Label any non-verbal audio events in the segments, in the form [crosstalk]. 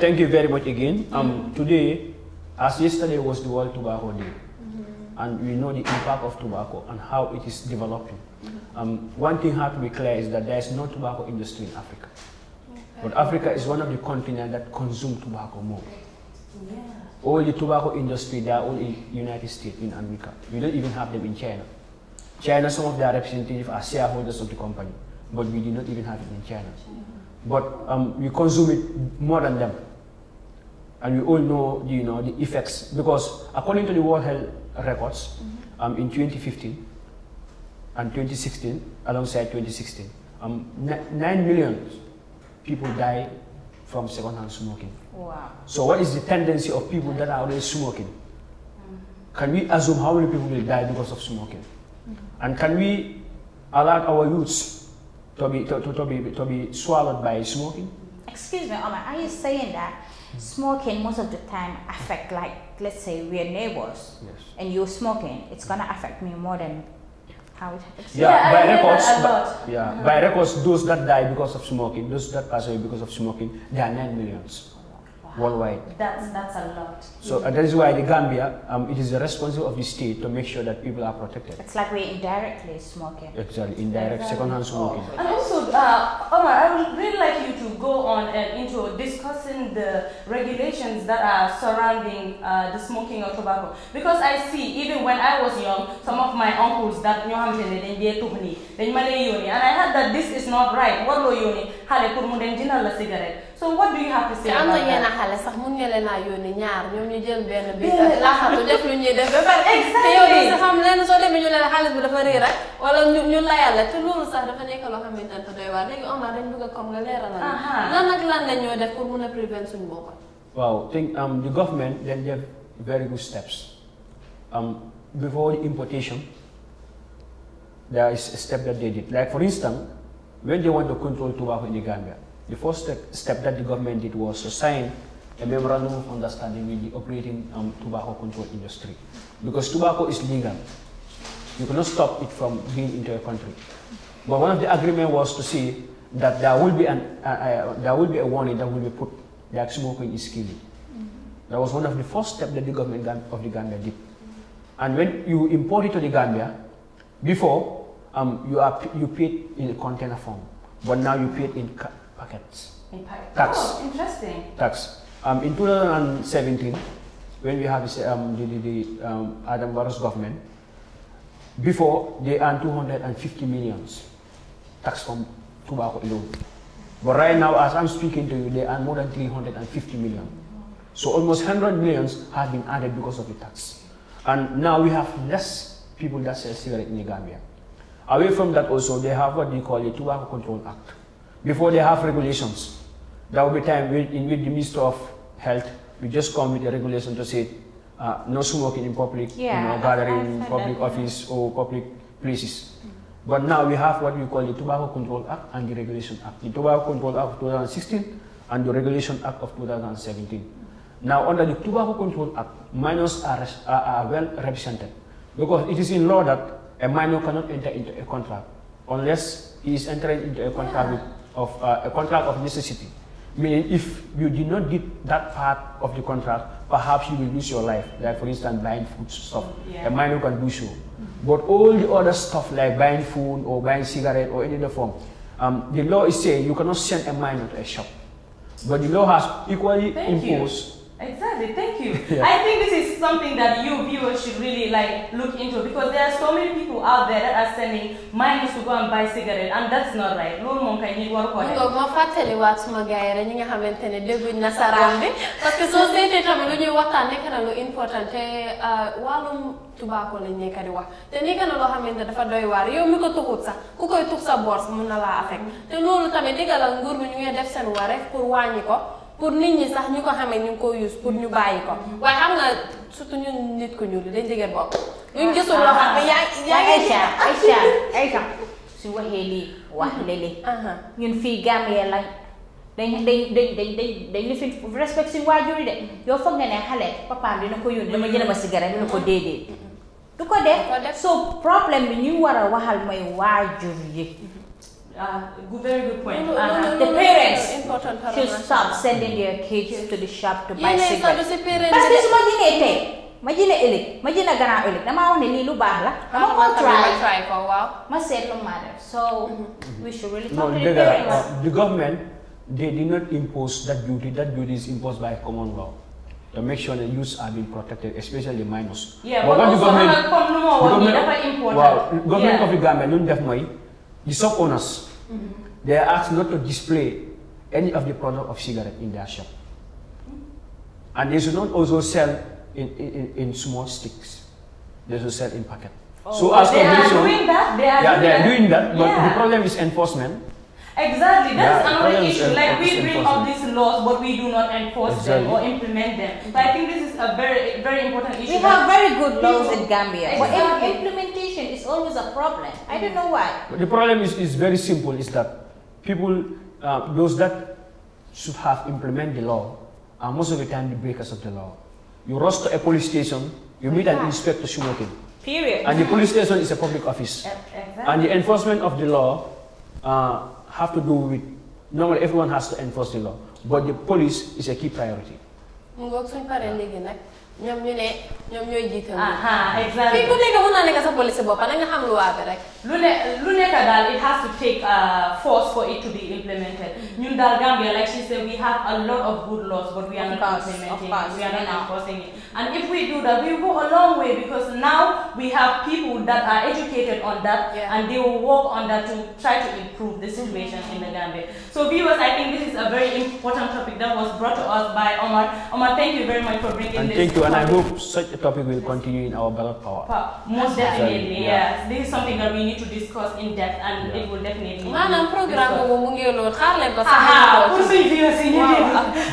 Thank you very much again. Um, today, as yesterday was the World Tobacco Day, and we know the impact of tobacco and how it is developing. Um, one thing has to be clear is that there is no tobacco industry in Africa. But Africa is one of the continents that consume tobacco more. Yeah. All the tobacco industry, they are all in United States, in America. We don't even have them in China. China, some of their representatives are shareholders of the company, but we do not even have it in China but um, consume it more than them. And we all know, you know, the effects because according to the World Health Records, mm-hmm. um, in 2015 and 2016, alongside 2016, um, nine million people die from secondhand smoking. Wow. So what is the tendency of people that are already smoking? Mm-hmm. Can we assume how many people will die because of smoking? Mm-hmm. And can we allow our youths to be, to, to, to, be, to be swallowed by smoking? Excuse me, Omar, are you saying that smoking most of the time affect like, let's say we're neighbors yes. and you're smoking, it's gonna affect me more than how it affects yeah, yeah, by records, yeah, mm -hmm. by records, those that die because of smoking, those that pass away because of smoking, there are 9 millions worldwide. That's, that's a lot. So uh, that is why the Gambia, um, it is the responsibility of the state to make sure that people are protected. It's like we're indirectly smoking. Exactly, indirect exactly. secondhand smoking. Oh. And also, uh, Omar, I would really like you to go on and uh, into discussing the regulations that are surrounding uh, the smoking of tobacco. Because I see, even when I was young, some of my uncles that knew how to and I heard that this is not right. What do you So what do you have to say about that? xale sax mun nga leen yónni ñaar ñoom ñu jël benn bi def lu ñuy def ba pare yow xam leen soo demee ñu leen xaalis bi dafa rek wala ñu ñu layal la te loolu sax dafa nekk loo xamante ne doy waar léegi Omar dañ bëgg a comme nga lan nag lan la ñoo def pour mun a suñu bopp waaw think um, the government then def very good steps um, before the importation there is a step that they did like for instance when they want to control tobacco in the Gambia the first step, step that the government did was to sign a memorandum of understanding with the operating um, tobacco control industry. Because tobacco is legal. You cannot stop it from being into a country. But one of the agreement was to see that there will be, an, uh, uh, there will be a warning that will be put that smoking is killing. That was one of the first steps that the government of the Gambia did. And when you import it to the Gambia, before um, you are you paid in a container form, but now you paid in packets. In packets. Oh, interesting. Tax. Um, in 2017, when we have um, the, the, the um, Adam Barros government, before they earned 250 million tax from tobacco alone. But right now, as I'm speaking to you, they earn more than 350 million. So almost 100 millions have been added because of the tax. And now we have less people that sell cigarette in the Gambia. Away from that also, they have what they call the Tobacco Control Act. Before they have regulations, there will be time in which the Minister of Health will just come with a regulation to say uh, no smoking in public, yeah, you know, gathering in public office or public places. Mm -hmm. But now we have what we call the Tobacco Control Act and the Regulation Act. The Tobacco Control Act of 2016 and the Regulation Act of 2017. Now under the Tobacco Control Act, minors are, are, are well represented because it is in law that a minor cannot enter into a contract unless he is entering into a contract yeah. with, of uh, a contract of necessity meaning if you did not get that part of the contract, perhaps you will lose your life. Like for instance, buying food stuff. Yeah. A minor can do so. Mm -hmm. But all the other stuff like buying food or buying cigarette or any other form, um, the law is saying you cannot send a minor to a shop. But the law has equally Thank imposed you. Exactly. Thank you. [laughs] Yeah. I think this is something that you viewers should really like look into because there are so many people out there that are sending minors to go and buy cigarettes, and that's not right. Loolu moom kay ñu war ko def. Nga ma fàttali waat suma gaay rek ñi nga xamante ne dégguñ nasaraan bi parce que soo seetee tamit lu ñuy waxtaan nekk na lu important te wàllum tubaako lañ nekk di wax te nekk na loo xamante dafa doy waar yow mi ko tuxut sax ku koy tux sa boors mun na affect te loolu tamit diggalal nguur bi ñu ngi def seen wareef pour wàññi ko pour nit ñi sax ñu ko xamee ñu ngi ko use pour ñu bàyyi ko waaye xam nga surtout ñun nit ku ñuul dañ dëgër bopp. luñ ah. gisul loo xam ne yaa yaa ngi. Aïcha Aïcha su waxee lii wax mm-hmm. léeg-léeg. Uh-huh. ñun fii Gambie la dañ dañ dañ dañ dañ dañ lifin respect suñu waajur yi de yow foog nga ne xale papaam dina ko yónni dama jël ma cigarette dina ko mm-hmm. déedéet. Mm-hmm. du ko def so problème bi ñuy war a waxal mooy waajur yi. ah good very good point. Ah, ah. she'll stop sending their kids to the shop to buy cigarettes parce que su ma jëndee tey ma jëndee ëllëg ma jënd gannaaw ëllëg damaa wax ne lii lu baax la dama ko try for ko waaw ma seet lu maa matter. so mm-hmm. we should really talk to the parents uh, the government they did not impose that duty that duty is imposed by common law to make sure the youths are being protected, especially minors. Yeah, but, but also the government, the government, government, well, government yeah. of the money. the shop owners, mm -hmm. they are asked not to display any of the product of cigarette in their shop. And they should not also sell in, in, in small sticks. They should sell in packet. Oh, so as they are doing that. They are, yeah, doing, they are doing that. But yeah. the problem is enforcement. Exactly, that's yeah, another issue. Like we bring up these laws, but we do not enforce exactly. them or implement them. So I think this is a very, very important issue. We have very good laws in Gambia, but implementation is always a problem. I don't mm. know why. But the problem is, is very simple: is that people uh, those that should have implemented the law are most of the time the breakers of the law. You rush to a police station, you meet an inspector shoemaking. Period. And the police station is a public office. exactly. And the enforcement of the law uh, have to do with, normally everyone has to enforce the law, but the police is a key priority ñoom ñu ne ñoom ñooy jiital. exactement fii ku nekk mun naa it has to take uh, force for it to be implemented. Mm-hmm. ñun Gambia like she said we have a lot of good laws but we are not implementing it we are not enforcing it and if we do that we go a long way because now we have people that are educated on that. and they will work on that to try to improve the mm-hmm. situation in the Gambia. So viewers, I think this is a very important topic that was brought to us by Omar. Omar, thank you very much for bringing this and I hope such a topic will continue in our ballot power. power. Most definitely, yes. This is something that we need to discuss in depth and yeah. it will definitely. maanaam programme boobu mu ngi lool ko sax. pour suñu viewers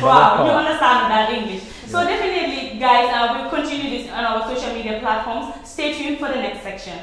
Wow, ñu understand that English. So definitely, guys, uh, we'll continue this on our social media platforms. Stay tuned for the next section.